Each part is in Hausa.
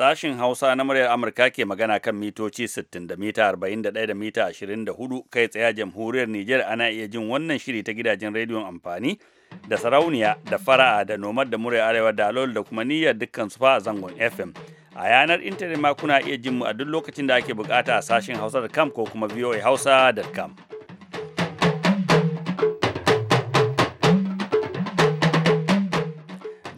Sashin Hausa na muryar Amurka ke magana kan mitoci 60 da mita 41 da mita 24 kai tsaye jamhuriyar Nijar ana iya jin wannan shiri ta gidajen rediyon amfani da sarauniya da fara'a da nomad da muryar arewa da alol da kuma niyyar dukkan su fa a zangon FM. A yanar intanet ma kuna iya jin mu a duk lokacin da ake bukata a sashin hausa.com ko kuma voahausa.com.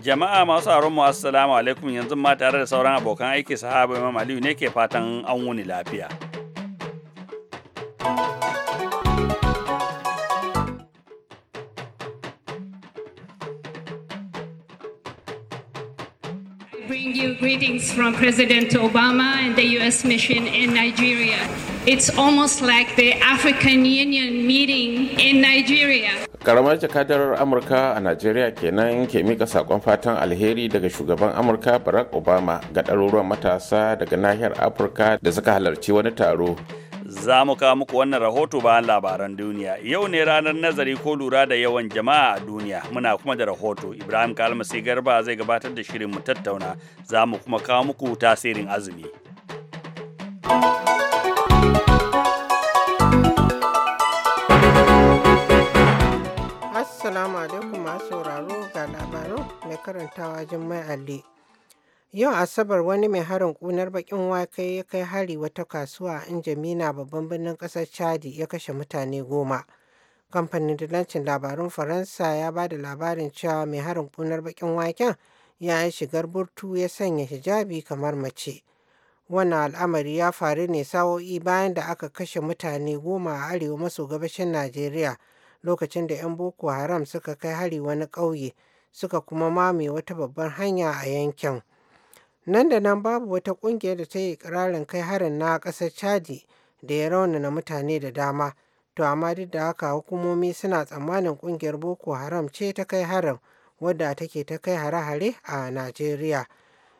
Jama'a masu aron mu assalamu alaikum yanzu ma tare da sauran abokan aiki sahaba Imam Aliyu ne ke fatan an wuni lafiya. bring you greetings from President Obama and the U.S. mission in Nigeria. It's almost like the African Union meeting in Nigeria. karamar jakadar amurka a najeriya kenan ke mika sakon fatan alheri daga shugaban amurka barack obama ga ɗaruruwan matasa daga nahiyar afirka da suka halarci wani taro za mu kawo muku wannan rahoto bayan labaran duniya yau ne ranar nazari ko lura da yawan jama'a a duniya muna kuma da rahoto ibrahim kalmasi garba zai gabatar da shirin mu tattauna za mu kuma kawo muku tasirin azumi thank you Assalamu alaikum masu sauraro ga labaru mai karantawa Jummai Alli. Yau Asabar wani mai harin kunar bakin wake ya kai hari wata kasuwa in Jamina babban birnin kasar Chadi ya kashe mutane goma. Kamfanin dalancin labarun Faransa ya ba da labarin cewa mai harin kunar bakin waken ya yi shigar burtu ya sanya hijabi kamar mace. Wannan al'amari ya faru ne sa'o'i bayan da aka kashe mutane goma a arewa maso gabashin Najeriya. lokacin da 'yan Boko Haram suka kai hari wani ƙauye suka kuma mame wata babbar hanya a yankin. Nan da nan babu wata ƙungiyar da ta yi ƙirarin kai harin na ƙasar Chadi da ya raunana mutane da dama. To amma duk da haka hukumomi suna tsammanin ƙungiyar Boko Haram ce ta kai harin wadda take ta kai hare-hare a Najeriya.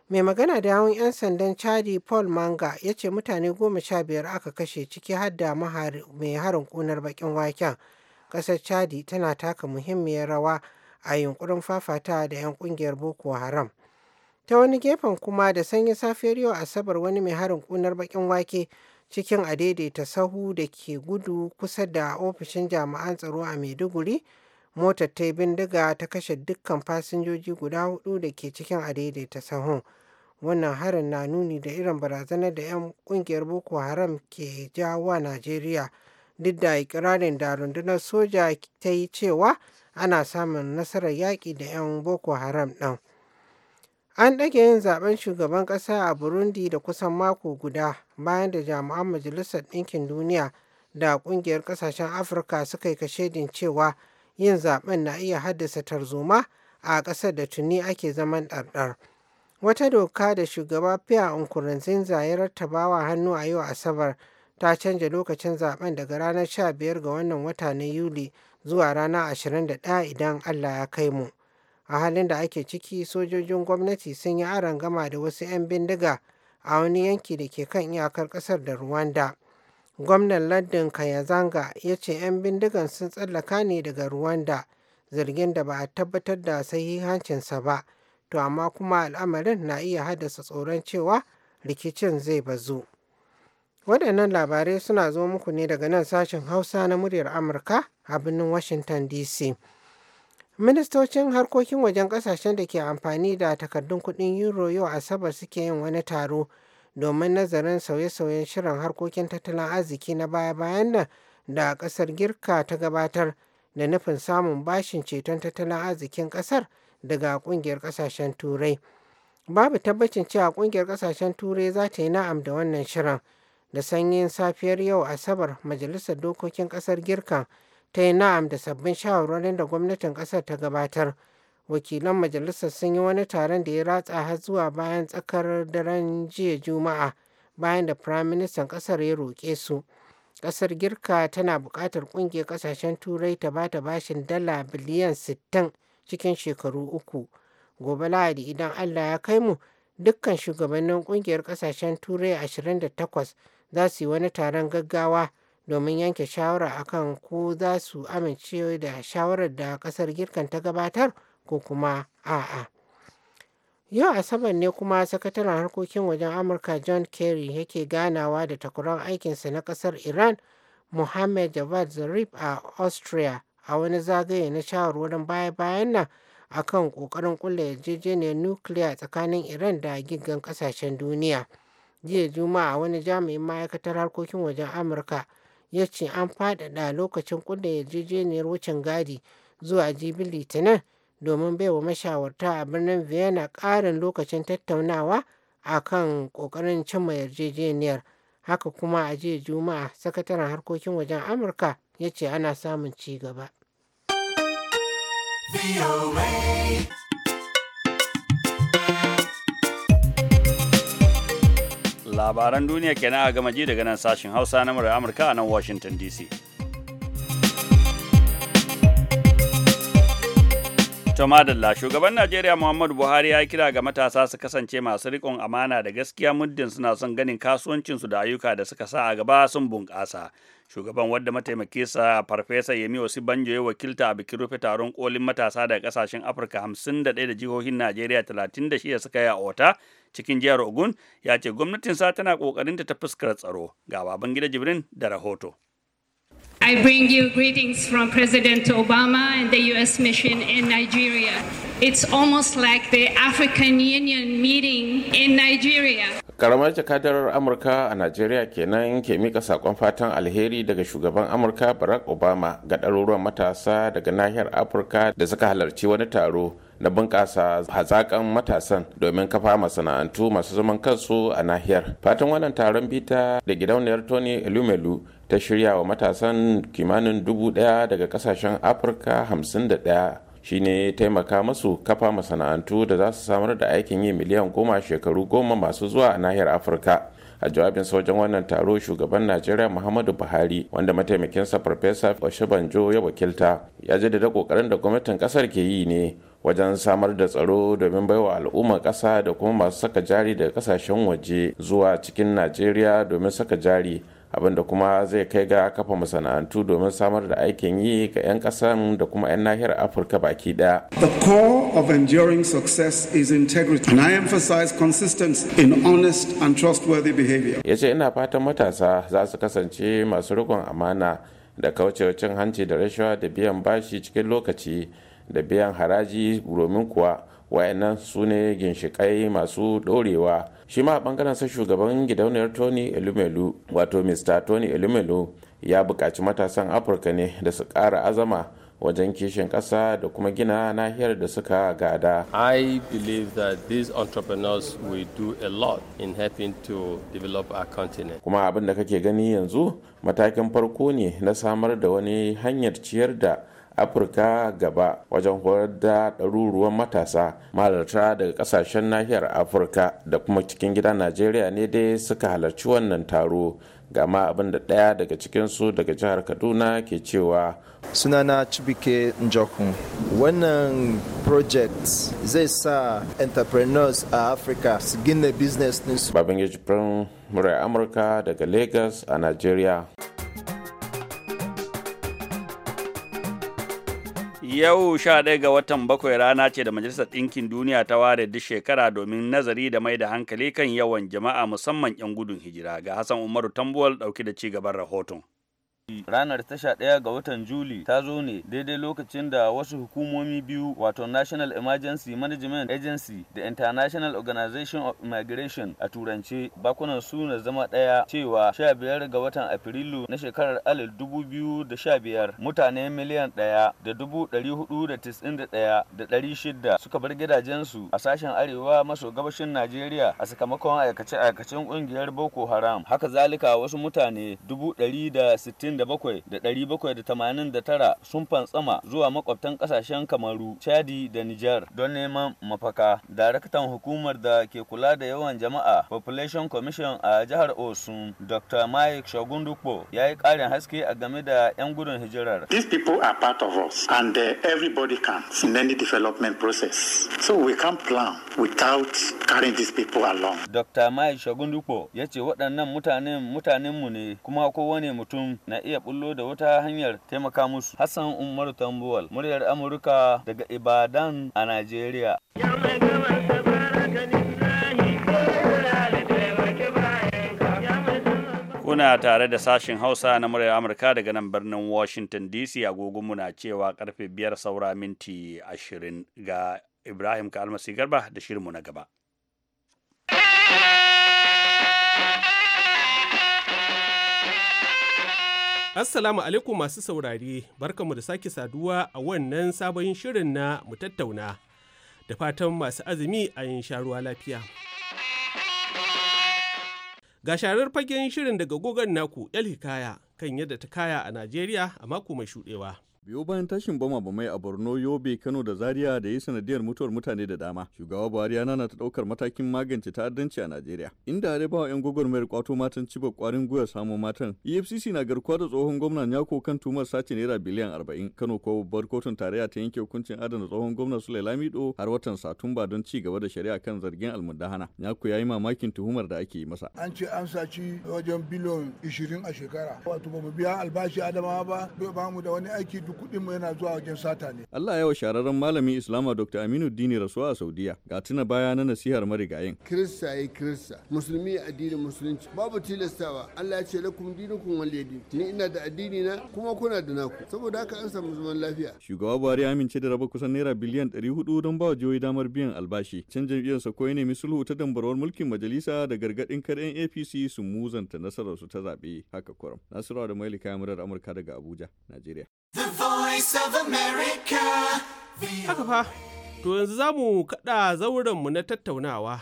mai magana da yawun 'yan sandan chadi paul manga ya ce mutane goma sha biyar aka kashe ciki har da mai harin kunar baƙin waken ƙasar chadi tana taka muhimmiyar rawa a yunkurin fafata da 'yan ƙungiyar boko haram ta wani gefen kuma da sanyi safiyar yau asabar wani mai harin kunar bakin wake cikin adaidaita sahu da ke gudu kusa da ofishin jami'an tsaro a maiduguri motar ta yi bindiga ta kashe dukkan fasinjoji guda hudu da ke cikin adaidaita sahun wannan harin na nuni da irin barazanar da 'yan kungiyar boko haram ke jawo a najeriya duk da ikirarin da rundunar soja ta yi cewa ana samun nasarar yaƙi da 'yan boko haram ɗin an ɗage yin zaben shugaban ƙasa a burundi da kusan mako guda bayan da jami'an majalisar ɗinkin duniya da ƙungiyar ƙasashen afirka suka yi kashedin cewa yin zaben na iya haddasa tarzoma a ƙasar da tuni ake zaman ɗarɗar wata doka da shugaba fiya zinza ya rattabawa hannu a yau asabar ta canja lokacin zaben daga ranar 15 ga wannan wata na Yuli zuwa rana 21 idan Allah ya kai mu. A halin da ake ciki sojojin gwamnati sun yi aron gama da wasu 'yan bindiga a wani yanki da ke kan iyakar ƙasar da Rwanda. Gwamnan lardin Kayazanga ya ce 'yan bindigan sun tsallaka ne daga Rwanda zargin da ba a tabbatar da sahihancinsa ba, to amma kuma al'amarin na iya haddasa tsoron cewa rikicin zai bazu. Waɗannan labarai suna zo muku ne daga nan sashen Hausa na muryar Amurka a birnin Washington DC. Ministocin harkokin wajen ƙasashen da ke amfani da takardun kuɗin Euro yau Asabar suke yin wani taro domin nazarin sauye-sauyen shirin harkokin tattalin arziki na baya-bayan nan da ƙasar Girka ta gabatar da nufin samun bashin ceton tattalin arzikin ƙasar daga ƙungiyar ƙasashen Turai. Babu tabbacin cewa ƙungiyar ƙasashen Turai za ta yi na'am da wannan shirin. da sanyin safiyar yau asabar majalisar dokokin kasar girka ta yi na'am da sabbin shawarwarin da gwamnatin kasar ta gabatar wakilan majalisar sun yi wani taron da ya ratsa har zuwa bayan tsakar daren jiya juma'a bayan da firaministan kasar ya roƙe su kasar girka tana buƙatar ƙungiyar ƙasashen turai ta bata bashin dala biliyan 60 cikin shekaru uku gobe lahadi idan allah ya kai mu dukkan shugabannin ƙungiyar ƙasashen turai 28 za su yi wani taron gaggawa domin yanke shawara akan ko za su amince da shawarar da kasar girkan ta gabatar ko kuma a'a. yau asabar ne kuma sakataren harkokin wajen amurka john kerry yake ganawa da takurar aikinsa na kasar iran mohammed javad zarif a austria a wani zagaye na shawarwarin baya-bayan nan akan kokarin kulle yarjejeniyar nukiliya tsakanin iran da giggan kasashen duniya. jiya Juma'a wani jami'in ma'aikatar harkokin wajen Amurka ya ce an faɗaɗa lokacin ƙulla yarjejeniyar wucin gadi zuwa jibi Litinin domin baiwa mashawarta a birnin Vienna ƙarin lokacin tattaunawa a kan ƙoƙarin cimma yarjejeniyar. Haka kuma a jiya Juma'a, Sakataren Harkokin Wajen Amurka ya ce ana samun ci gaba. labaran duniya kenan a gama ji daga nan sashen hausa na murar amurka a nan washington dc ta madalla shugaban najeriya muhammadu buhari ya kira ga matasa su kasance masu rikon amana da gaskiya muddin suna son ganin kasuwancinsu da ayyuka da suka sa a gaba sun bunƙasa shugaban wadda mataimakinsa farfesa yemi osibanjo ya wakilta a bikin rufe taron kolin matasa daga kasashen afirka 51 da jihohin najeriya 36 suka yi a ota cikin jihar ogun ya ce gwamnatin sa tana ƙoƙarinta ta fuskar tsaro ga baban gida jibrin da rahoto I bring you greetings from President Obama and the U.S. mission in Nigeria. It's almost like the African Union meeting in Nigeria. Karamar jakadar Amurka a Najeriya kenan ke mika sakon fatan alheri daga shugaban Amurka Barack Obama ga ɗaruruwan matasa daga nahiyar Afirka da suka halarci wani taro na bunƙasa hazaƙan matasan domin kafa masana'antu masu zaman kansu a nahiyar fatan wannan taron bita da gidauniyar tony elumelu ta shirya wa matasan kimanin dubu ɗaya daga ƙasashen afirka hamsin da ɗaya shine taimaka masu kafa masana'antu da za su samar da aikin yi miliyan goma shekaru goma masu zuwa a nahiyar afirka a jawabin sojan wannan taro shugaban najeriya muhammadu buhari wanda mataimakinsa farfesa banjo ya wakilta ya jaddada kokarin da gwamnatin kasar ke yi ne wajen samar da tsaro domin baiwa al'ummar ƙasa da kuma masu saka jari daga kasashen waje zuwa cikin najeriya domin saka jari abinda kuma zai kai ga kafa masana'antu domin samar da aikin yi ga 'yan ƙasar da kuma 'yan nahiyar afirka baki daya. the core of enduring success is integrity and i emphasize consistency in honest and trustworthy behavior ya ce ina fatan matasa za su kasance masu riƙon amana da kaucewa cin hanci da rashawa da biyan bashi cikin lokaci da biyan haraji domin kuwa wayannan su ne ginshikai masu dorewa shi ma a bangaren sa shugaban gidauniyar tony elumelu wato mr tony elumelu ya buƙaci matasan afirka ne da su ƙara azama wajen kishin ƙasa da kuma gina nahiyar da suka gada. I believe that these entrepreneurs will do a lot in helping to develop our continent. Kuma abin da kake gani yanzu matakin farko ne na samar da wani hanyar ciyar da afirka gaba wajen horar da ɗaruruwan matasa mahalarta daga ƙasashen nahiyar afirka da kuma cikin gida najeriya ne dai suka halarci wannan taro gama abin da ɗaya daga cikinsu daga jihar kaduna ke cewa sunana cibike njokun wannan project zai sa entrepreneurs a afirka su gina business ɗinsu babin yajibirin murai amurka daga lagos a nigeria Yau sha ɗaya ga watan bakwai rana ce da Majalisar Ɗinkin Duniya ta ware duk shekara domin nazari da mai da hankali kan yawan jama'a musamman 'yan gudun hijira ga Hassan Umaru Tambuwal ɗauki da ci gaban rahoton. Ranar tasha ɗaya ga watan Juli ta zo ne daidai lokacin da wasu hukumomi biyu wato National Emergency Management Agency da International Organization of Migration a turance bakunan su na zama ɗaya cewa 15 ga watan Afrilu na shekarar 2015 mutane miliyan ɗaya da dubu ɗari hudu da tisin da ɗari shida suka bar gidajensu a sashen arewa maso gabashin Najeriya a sakamakon aikace-aikacen ƙungiyar Boko Haram. Haka zalika wasu mutane dubu tara sun fantsama zuwa makwabtan kasashen Kamaru, Chadi da Nijar don neman mafaka. Daraktan hukumar da ke kula da yawan jama'a Population Commission a jihar Osun, Dr. Mike Shagundukpo ya yi karin haske a game da 'yan gudun hijirar. These people are part of us and uh, everybody counts in any development process. So we can't plan without carrying these people along. Dr. Mike Shagundukpo ya ce waɗannan mutanen mutanenmu ne kuma kowane mutum na iya bullo da wata hanyar taimaka musu hassan umar tambuwal muryar amurka daga ibadan a najeriya kuna tare da sashen hausa na muryar amurka daga nan birnin washington dc agogonmu na cewa karfe biyar saura minti ashirin ga ibrahim kalmasi garba da shirinmu na gaba Assalamu alaikum masu saurare, mu da sake saduwa a wannan sabon shirin na mu tattauna. Da fatan masu azumi a yin sharuwa lafiya. Ga sharar fagen shirin daga gogon naku 'yar Hikaya kan yadda ta kaya a Najeriya a mako mai shuɗewa. biyo bayan tashin bama ba mai a borno yobe kano da zaria da ya sanadiyar mutuwar mutane da dama shugaba buhari ya nana ta daukar matakin magance ta'addanci a najeriya inda ya bawa yan gwagwarmayar kwato matan ciba kwarin gwiwa samun matan efcc na garkuwa da tsohon gwamnan yako kan tumar sace naira biliyan arba'in kano ko babbar kotun tarayya ta yanke hukuncin adana tsohon gwamnan sule lamido har watan satumba don ci gaba da shari'a kan zargin almudahana yako ya yi mamakin tuhumar da ake yi masa an ce an saci wajen biliyon ishirin a shekara wato ba mu biya albashi adamawa ba ba mu da wani aiki duk mu yana zuwa wajen sata ne. Allah ya wa shararren malamin Islama Dr. Aminu Dini rasuwa a Saudiya ga tuna baya na nasihar marigayin. Kirista ya Kirista, Musulmi addinin Musulunci, babu tilastawa Allah ya ce lakum dinukum waliyadin. Ni ina da addini na kuma kuna da naku. Saboda haka an samu zaman lafiya. Shugaba Buhari amince da raba kusan naira biliyan ɗari 400 don ba wa jihohi damar biyan albashi. Can sa ko ne misulhu ta dambarwar mulkin majalisa da gargadin kar 'yan APC su muzanta nasarar su ta zaɓe haka kuram. Nasiru da Mailika Murar Amurka daga Abuja, Najeriya. Haka fa, to yanzu za mu kaɗa zaurenmu na tattaunawa.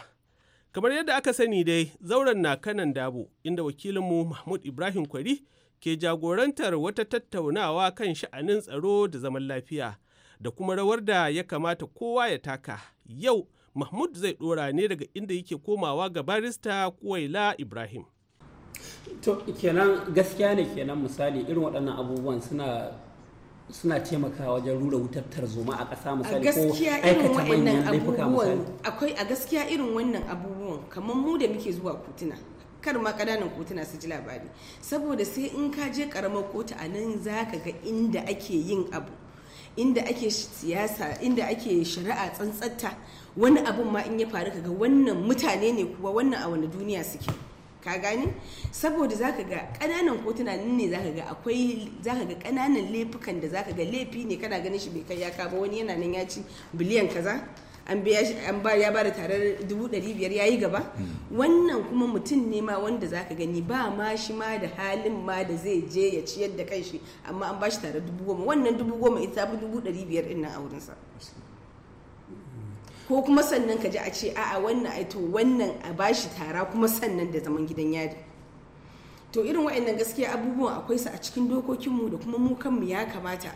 Kamar yadda aka sani dai, zauren na kanan dabo, inda wakilinmu Mahmud Ibrahim Kwari ke jagorantar wata tattaunawa kan sha'anin tsaro da zaman lafiya, da kuma rawar da ya kamata kowa ya taka. Yau, Mahmud zai ɗora ne daga inda yake komawa ga barista Kuwaila Ibrahim. To, kenan gaskiya ne kenan misali irin waɗannan abubuwan suna suna taimakawa wajen rura wutar tarzoma a ƙasa misali ko aikata manyan laifuka misali a gaskiya irin wannan abubuwan kamar mu da muke zuwa kotuna kar ma ƙananan kotuna su ji labari saboda sai in ka je ƙaramar kotu a nan za ka ga inda ake yin abu inda ake siyasa inda ake shari'a tsantsatta wani abun ma in ya faru ka ga wannan mutane ne kuwa wannan a wani duniya suke ka gani saboda zaka ga kananan kotuna ne zaka ga akwai zaka ga kananan laifukan da zaka ga laifi ne kana ganin shi bai kai ya ba wani yana nan ya ci biliyan kaza an biya shi an ba ya ba da tarar dubu ɗari biyar ya yi gaba hmm. wannan kuma mutum ne ma wanda zaka gani ba ma shi ma da halin ma da zai je ya ciyar da kanshi amma an ba shi tarar dubu goma wannan dubu goma ita fi dubu ɗari biyar ɗin nan a wurinsa ko kuma sannan ka ji a ce a'a wannan ai wannan a bashi tara kuma sannan da zaman gidan yari to irin wa'annan gaskiya abubuwan akwai su a cikin dokokinmu da kuma mu kanmu ya kamata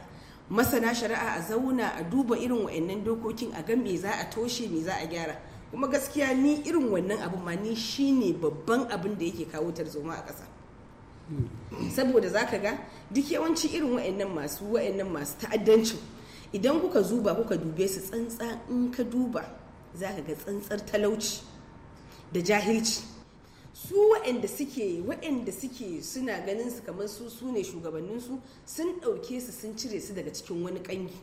masana shari'a a zauna a duba irin wa'annan dokokin a ga me za a toshe me za a gyara kuma gaskiya ni irin wannan abu ma ni shine babban abin da yake kawo tarzoma a ƙasa hmm. saboda zaka ga duk yawanci irin wa'annan masu wa'annan masu ta'addancin idan kuka zuba kuka dube su tsantsa in ka duba za ka ga tsantsar talauci da jahilci su waɗanda suke waɗanda suke suna ganin su kamar su su ne su sun ɗauke su sun cire su daga cikin wani ƙangi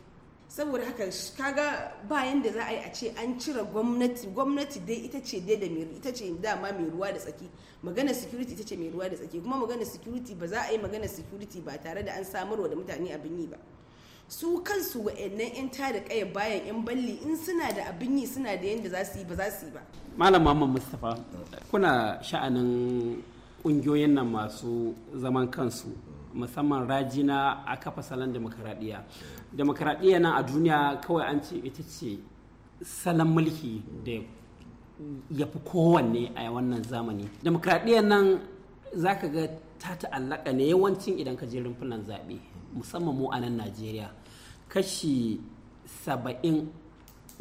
saboda haka kaga bayan da za a yi a ce an cire gwamnati gwamnati dai ita ce dai da mai ita ce dama mai ruwa da tsaki magana security ita ce mai ruwa da tsaki kuma magana security ba za a yi magana security ba tare da an samarwa da mutane abin yi ba su kansu wa'annan 'yan tada kaya bayan 'yan balli in suna da abin yi suna da yadda za su yi ba za su yi ba malam Muhammad mustapha kuna sha'anin ƙungiyoyin nan masu zaman kansu musamman rajina a kafa salon demokaradiyya demokaradiyya nan a duniya kawai an ce ita ce salon mulki da ya fi kowanne a wannan zamani demokaradiyya nan za ka ga ta ta'allaka ne yawancin idan ka je rumfunan zaɓe musamman mu a nan najeriya kashi saba'in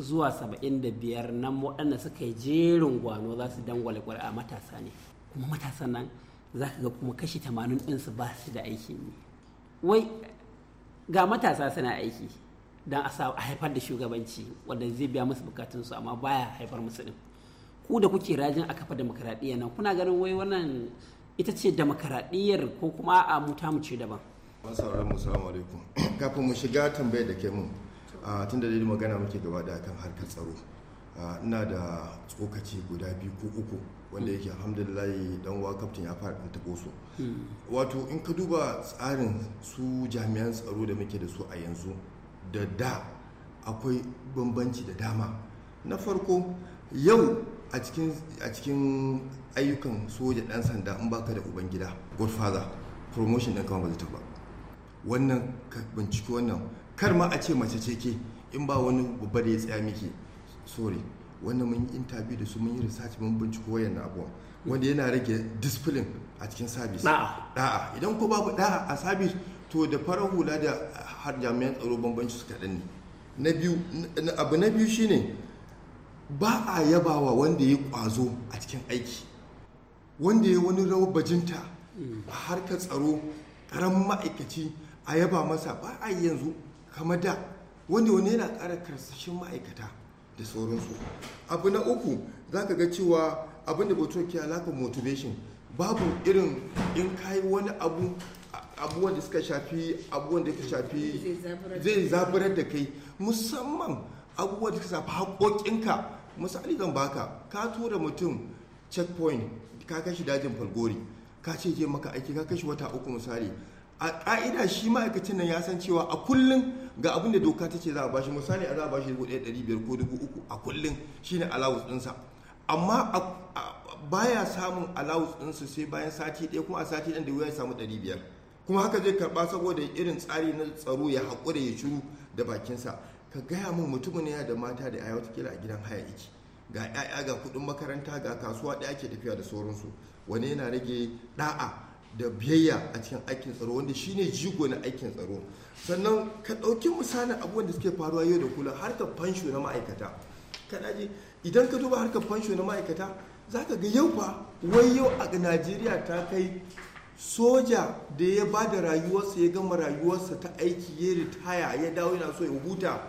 zuwa saba'in da biyar nan waɗanda suka yi jerin gwano za su dangwale a matasa ne kuma matasan nan za ka ga kuma kashi tamanin su ba su da aiki yi wai ga matasa suna aiki don a haifar da shugabanci wanda zai biya musu bukatunsu amma baya haifar musu ɗin ku da kuke rajin a kafa demokradiyya nan kuna ganin wai wannan ita ce demokaradiyyar ko kuma a mu ce daban masauran mu alaikum kafin mu shiga tambayar da ke mun tun da dai magana muke gaba da kan harkar tsaro ina da tsokaci guda biyu ko uku wanda yake alhamdulillah dan wa kaftin ya fara ta su hmm. wato in ka duba tsarin su jami'an tsaro da muke da su a yanzu da da akwai bambanci da dama na farko yau a cikin ayyukan soja dan sanda in baka da uban gida godfather promotion ɗin kama ba wannan binciki wannan kar ma a ce mace ce ke in ba wani babba da ya tsaya miki sorry wannan mun yi interview da su mun yi research mun binciko wayan abuwa wanda yana rage discipline a cikin service da'a idan ko babu da'a a service to da farar hula da har jami'an tsaro bambanci suka kaɗan ne na biyu abu na biyu shine ba a yabawa wanda ya kwazo a cikin aiki wanda ya wani rawar bajinta a harkar tsaro karan ma'aikaci a yaba masa ba a yanzu kama da wanda wani yana ƙara karsashin ma'aikata da sauransu abu na uku za ka ga cewa abin da bato ke alaƙar motivation babu irin in kayi wani abu abubuwan da suka shafi abubuwan da shafi zai zaburar da kai musamman abubuwan da suka shafi haƙoƙinka misali zan baka ka tura mutum checkpoint ka kashi dajin falgori ka ce je maka aiki ka kashi wata uku misali a ƙa'ida shi ma'aikacin nan ya san cewa a kullum ga abin da doka ta ce za a bashi misali a za a bashi dubu ɗaya ɗari biyar ko dubu uku a kullum shine allowance ɗinsa amma baya samun allowance ɗinsa sai bayan sati ɗaya kuma a sati ɗin da wuya ya samu ɗari biyar kuma haka zai karɓa saboda irin tsari na tsaro ya haƙura ya shiru da bakinsa ka gaya min mutumin ya da mata da yaya kira a gidan haya iki ga yaya ga kudin makaranta ga kasuwa ɗaya ke tafiya da sauransu wani yana rage ɗa'a da biyayya a cikin aikin tsaro wanda shine jigo na aikin tsaro sannan ka ɗauki misalin abubuwan da suke faruwa yau da kullum harkar fansho na ma'aikata kana idan ka duba harkar fansho na ma'aikata zaka ga yau fa wai yau a najeriya ta kai soja da ya ba da rayuwarsa ya gama rayuwarsa ta aiki ya ritaya ya dawo yana so ya huta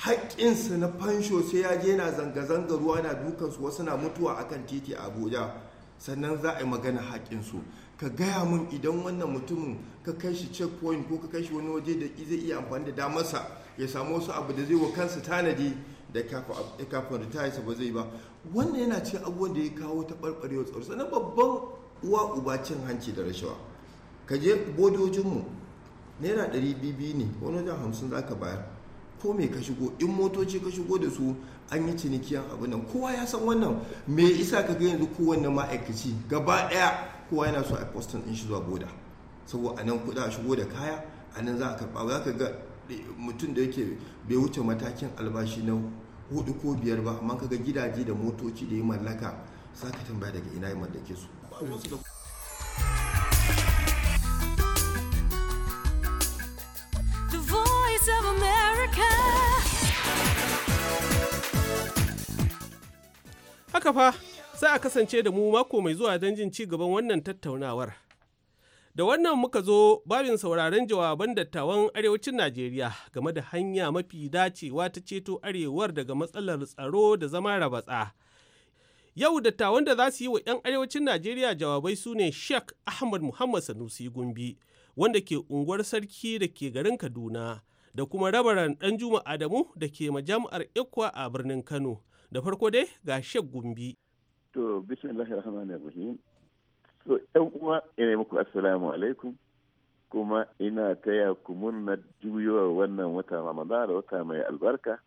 haƙƙinsu na fansho sai ya je na zanga-zanga ruwa na dukansu wasu na mutuwa akan titi a abuja sannan za a yi magana haƙƙinsu ka gaya mun idan wannan mutumin ka kai shi checkpoint ko ka kai shi wani waje da zai iya amfani da damarsa ya samu wasu abu da zai wa kansa tanadi da kafin sa ba zai ba wannan yana cikin abubuwan da ya kawo ta ɓarɓarewa tsaro sannan babban uwa uba cin hanci da rashawa ka je bodojinmu naira ɗari ne wani wajen hamsin za ka bayar ko mai ka shigo in motoci ka shigo da su an yi a abin nan kowa ya san wannan me isa ka ga yanzu kowanne ma'aikaci gaba daya kowa yana so a postin din shi zuwa boda saboda anan kuɗa a shigo da kaya anan za a karɓa za ka ga mutum da yake bai wuce matakin albashi na hudu ko biyar ba amma ka ga gidaje da motoci da ya mallaka za ka tambaya daga ina ya mallake su Haka fa za a kasance da mu mako mai zuwa don jin ci gaban wannan tattaunawar. Da wannan muka zo babin sauraron jawaban dattawan arewacin Najeriya game da hanya mafi dacewa ta ceto arewar daga matsalar tsaro da zama rabatsa. Yau dattawan da za su yi wa 'yan arewacin Najeriya jawabai su ne Sheikh Ahmad Muhammad Sanusi Gumbi, wanda ke unguwar sarki da ke garin Kaduna, da kuma rabaran juma'a Adamu da ke majam'ar Ikwa a birnin Kano. Da farko dai ga shek Gumbi. To, bismillahir rahmanir rahim. So, ɗan uwa ina muku assalamu alaikum. Kuma ina taya ku murna juyowa wannan wata Ramadan wata mai albarka,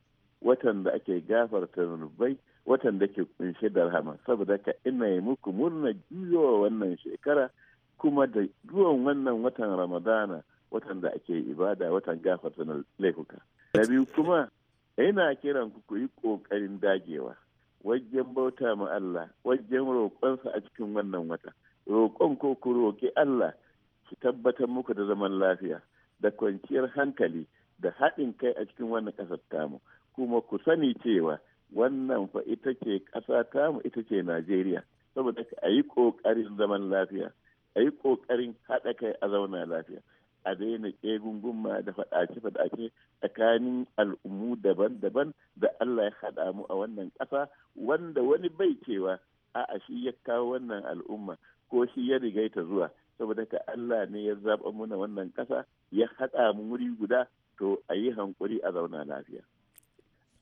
watan da ake gafarta zunubai, watan da ke kunshe da rahama. Saboda ka ina yi muku murna juyowa wannan shekara kuma da duwan wannan watan Ramadana watan da ake ibada watan gafarta na laifuka na biyu kuma yana kiran ku ku yi ƙoƙarin dagewa wajen bauta ma Allah wajen roƙonsa a cikin wannan wata roƙon ko ku roƙi Allah ki tabbatar muku da zaman lafiya da kwanciyar hankali da haɗin kai a cikin wannan ƙasar tamu kuma ku sani cewa wannan fa ita ce ƙasa tamu ita ce Najeriya saboda a yi ƙoƙarin zaman lafiya a yi ƙoƙarin haɗa kai a zauna lafiya a daina kegungun ma da faɗace-faɗace tsakanin al'ummu daban-daban da Allah ya haɗa mu a wannan ƙasa wanda wani bai cewa a'a shi ya kawo wannan al'umma ko shi ya rigaita zuwa saboda ka Allah ne ya zaɓa muna wannan ƙasa ya haɗa mu wuri guda to a yi hankuri a zauna lafiya.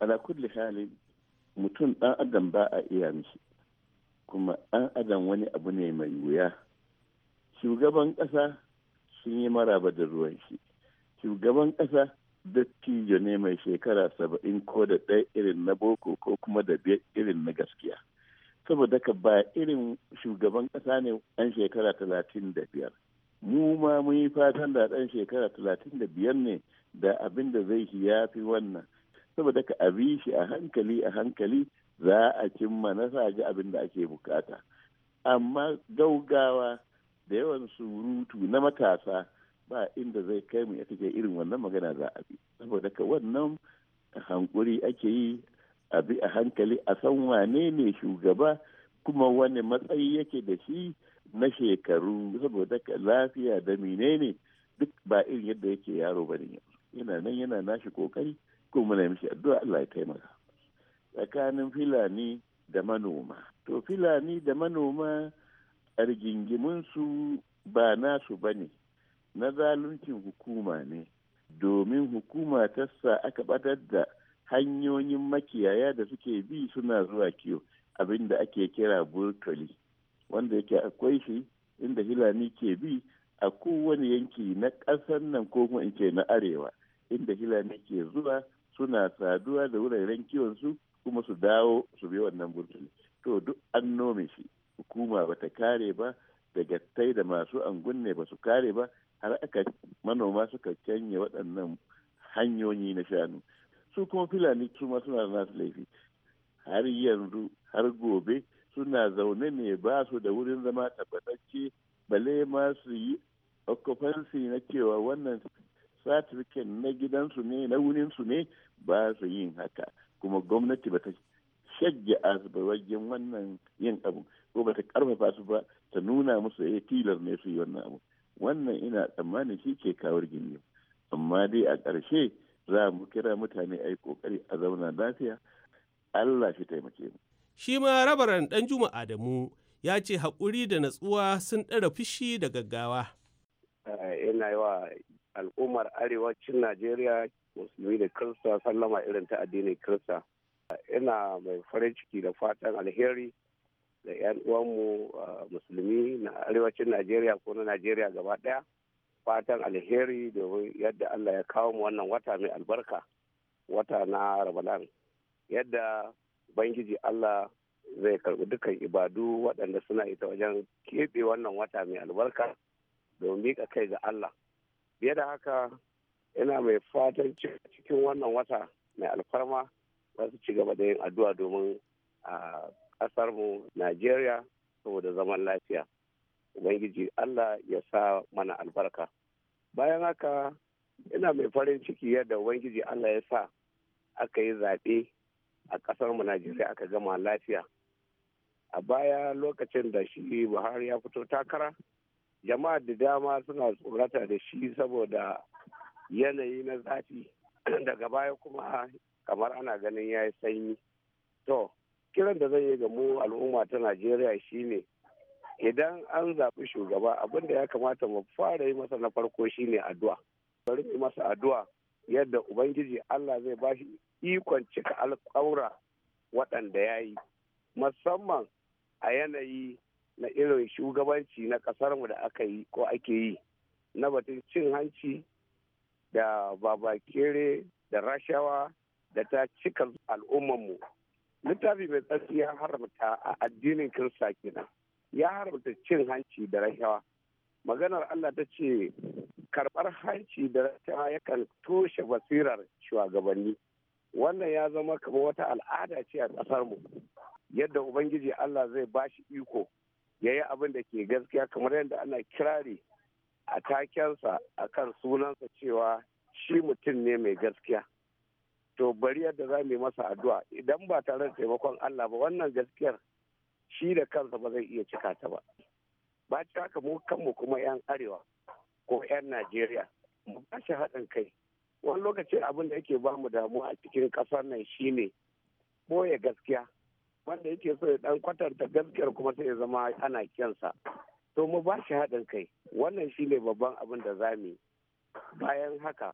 Ala kulli halin mutum ɗan adam ba a iya mishi kuma ɗan adam wani abu ne mai wuya. Shugaban ƙasa sun yi maraba da ruwan shi shugaban ƙasa dattijo ne mai shekara saba'in ko da ɗaya irin na boko ko kuma da biyar irin na gaskiya saboda ka ba irin shugaban ƙasa ne ɗan shekara talatin da biyar mu ma mun yi fatan da ɗan shekara talatin da biyar ne da abin da zai shi ya fi wannan saboda ka abi shi a hankali a hankali za a cimma nasa ga abin da ake bukata amma gaugawa da yawan surutu na matasa ba inda zai kai mu ita irin wannan magana za a bi saboda ka wannan hankuri ake yi a bi a hankali a san wane ne shugaba kuma wani matsayi yake da shi na shekaru saboda ka lafiya da menene duk ba irin yadda yake yaro bane yana nan yana nashi kokari kuma muna mishi addu'a Allah ya taimaka tsakanin filani da manoma to filani da manoma rigingiminsu ba nasu ba ne na zaluncin hukuma ne domin hukuma ta sa aka batar da hanyoyin makiyaya da suke bi suna zuwa kiyo abin ake kira burtoli wanda yake akwai shi inda hilani ke bi a kowane yanki na ƙasar nan ko kuma in ce na arewa inda hilani ke zuwa suna saduwa da wuraren kiwon su kuma su dawo su bi wannan burtoli to duk an nome shi hukuma ba ta kare ba da gattai da masu angun ne ba su kare ba har aka manoma suka canye waɗannan hanyoyi na shanu su kuma fulani su ma suna nasu laifi har yanzu har gobe suna zaune ne ba su da wurin zama tabbatacce bale ma su yi occupancy na cewa wannan certificate na gidansu ne na wurinsu ne ba su yin haka kuma gwamnati ba ta shagge asibar wajen wannan yin abu ko ba ta karfafa su ba ta nuna musu ya eh, tilar ne su yi wannan abu wannan ina tsammanin shi ke kawar gini amma dai a ƙarshe za mu kira mutane a yi ƙoƙari a zauna lafiya allah shi taimake mu. shi ma rabaran dan juma adamu ya ce haƙuri da natsuwa sun ɗara fushi da gaggawa. yana eh, yawa wa al'ummar arewacin najeriya musulmi da kirista sallama irin ta addinin kirista ina mai farin ciki da fatan alheri da 'yan uwanmu musulmi na arewacin najeriya ko na najeriya gaba daya fatan alheri domin yadda allah ya kawo mu wannan wata mai albarka wata na ramadan yadda bangiji allah zai karbi dukkan ibadu waɗanda suna ita wajen keɓe wannan wata mai albarka domin miƙa kai ga allah biye da haka ina mai fatan cikin wannan wata mai alfarma za su ci gaba da yin addu'a domin mu Najeriya saboda zaman lafiya. Ubangiji Allah ya sa mana albarka. Bayan haka ina mai farin ciki yadda Ubangiji Allah ya sa aka yi zaɓe a ƙasarmu Najeriya aka gama lafiya. A baya lokacin da shi Buhari ya fito takara, jama'a da dama suna tsorata da shi saboda yanayi na zafi daga baya kuma kamar ana ganin ya yi sanyi. To, kiran da zai yi ga mu al'umma ta najeriya shine idan an zaɓi shugaba abin da ya kamata mu fara yi masa na farko shine addu'a bari mu masa addu'a yadda ubangiji allah zai ba shi ikon cika alƙawura waɗanda ya yi musamman a yanayi na irin shugabanci na ƙasar mu da aka yi ko ake yi na batun cin hanci da babakere da rashawa da ta cika al'ummanmu littafi mai tsarki ya haramta a addinin kirista kenan ya haramta cin hanci da rahawa maganar allah ta ce karbar hanci da rahawa yakan toshe basirar shugabanni wannan ya zama kamar wata al'ada ce a ƙasar mu yadda ubangiji allah zai ba shi iko ya yi abin da ke gaskiya kamar yadda ana kirari a takensa a kan sunansa cewa shi mutum ne mai gaskiya to bari yadda za mu yi masa addu'a idan ba tare da taimakon Allah ba wannan gaskiyar shi da kansa ba zai iya cika ta ba ba ci haka mu kanmu kuma yan arewa ko yan Najeriya mu ba shi haɗin kai wani lokaci abin da yake ba mu damuwa a cikin ƙasar nan shine boye gaskiya wanda yake so ya ɗan kwatanta gaskiyar kuma sai ya zama ana kyansa to mu ba shi haɗin kai wannan shine babban abin da za mu yi bayan haka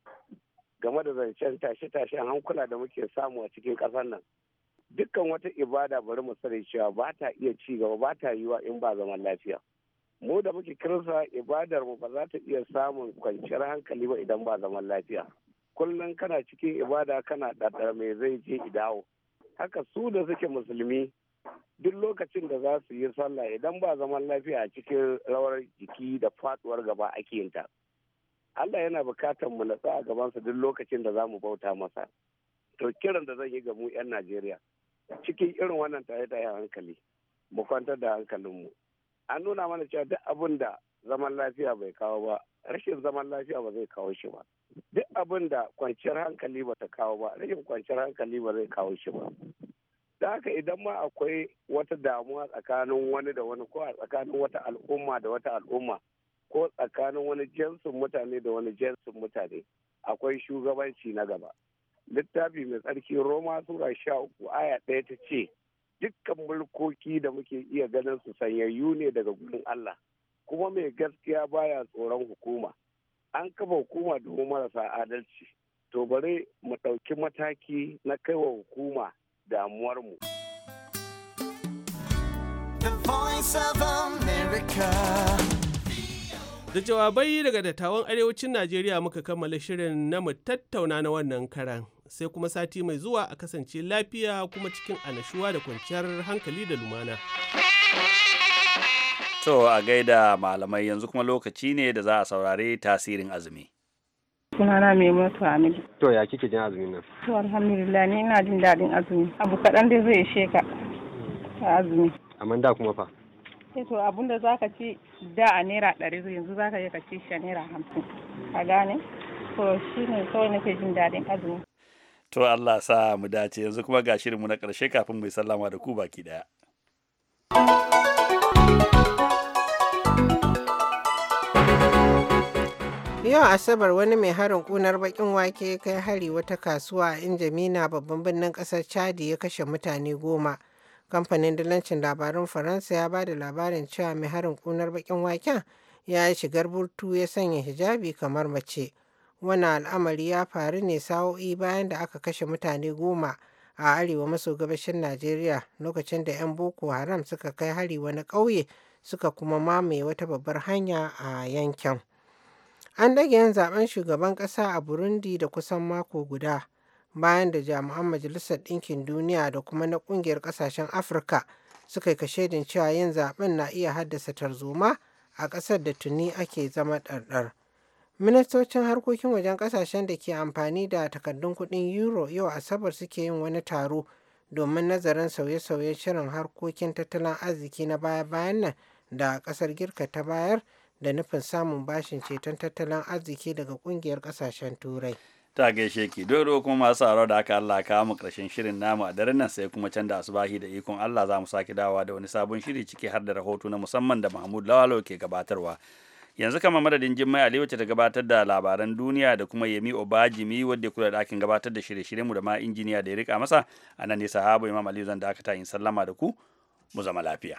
game da zancen tashe-tashen hankula da muke samu a cikin ƙasar nan dukkan wata ibada bari mu sani cewa ba ta iya ci gaba ba ta yiwa in ba zaman lafiya mu da muke kirsa ibadar mu ba za ta iya samun kwanciyar hankali ba idan ba zaman lafiya kullum kana cikin ibada kana ɗaɗa mai zai je idawo haka su da suke musulmi duk lokacin da za su yi sallah idan ba zaman lafiya a cikin rawar jiki da faduwar gaba ake yin ta Allah yana bukatar mu natsa a gabansa duk lokacin da za mu bauta masa. To kiran da zan yi ga mu 'yan Najeriya cikin irin wannan da tayen hankali mu kwantar da hankalinmu. An nuna mana cewa duk abin da zaman lafiya bai kawo ba rashin zaman lafiya ba zai kawo shi ba. Duk abin da kwanciyar hankali ba ta kawo ba rashin kwanciyar hankali ba zai kawo shi ba. Da haka idan ma akwai wata damuwa tsakanin wani da wani ko a tsakanin wata al'umma da wata al'umma ko tsakanin wani jinsin mutane da wani jinsin mutane akwai shugabanci na gaba littafi mai tsarki roma sura sha uku aya ɗaya ta ce dukkan mulkoki da muke iya ganin su sanyayyu ne daga gurin allah kuma mai gaskiya baya tsoron hukuma an kafa hukuma domin marasa adalci to bari mu ɗauki mataki na kaiwa hukuma damuwarmu. The Voice of America. Da jawabai daga dattawan arewacin Najeriya muka kammala shirin na mu tattauna na wannan karan sai kuma sati mai zuwa a kasance lafiya kuma cikin anashuwa da kwanciyar hankali da lumana. To a gaida malamai yanzu kuma lokaci ne da za a saurare tasirin azumi. sunana mai mutu amini. To ya kike jin azumin nan? To alhamdulillah ni ina jin daɗin azumi. Abu kaɗan dai zai ishe ka azumi. Amma da kuma fa? Eh, to abinda da ka ci da a naira ɗari yanzu za ka yi ka ci shi a naira hamsin a gane to shi ne kawai nake jin daɗin azumi to Allah sa mu dace yanzu kuma ga shirinmu na ƙarshe kafin mu sallama da ku baki ɗaya. yau asabar wani mai harin kunar bakin wake kai hari wata kasuwa in injamina babban birnin ƙasar chadi ya kashe mutane goma kamfanin dalancin labarun faransa ya ba da labarin cewa mai harin kunar bakin waken ya yi shigar burtu ya sanya hijabi kamar mace wannan al'amari ya faru ne sa'o'i bayan da aka kashe mutane goma a arewa maso gabashin najeriya lokacin da 'yan boko haram suka kai hari wani ƙauye suka kuma mamaye wata babbar hanya a yankin an dage yin zaben shugaban ƙasa a burundi da kusan mako guda bayan da jami'an majalisar ɗinkin duniya da kuma na ƙungiyar ƙasashen afirka suka yi shaidin cewa yin zaben na iya haddasa tarzoma a ƙasar da tuni ake zama ɗarɗar ministocin harkokin wajen ƙasashen da ke amfani da takardun kuɗin euro yau asabar suke yin wani taro domin nazarin sauye-sauyen shirin harkokin tattalin arziki na baya-bayan nan da ƙasar girka ta bayar da nufin samun bashin ceton tattalin arziki daga ƙungiyar ƙasashen turai ta gaishe ki doro kuma masu aro da aka Allah kawo mu karshen shirin namu a daren nan sai kuma can da asubahi da ikon Allah za mu sake dawa da wani sabon shiri ciki har da rahoto na musamman da Mahmud Lawalo ke gabatarwa yanzu kama madadin Jimmai Ali wacce ta gabatar da labaran duniya da kuma Yemi Obajimi wadda kula da ɗakin gabatar da shirye-shiryen mu da ma injiniya da ya rika masa anan ne sahabo Imam Aliyu zan da aka ta in sallama da ku mu zama lafiya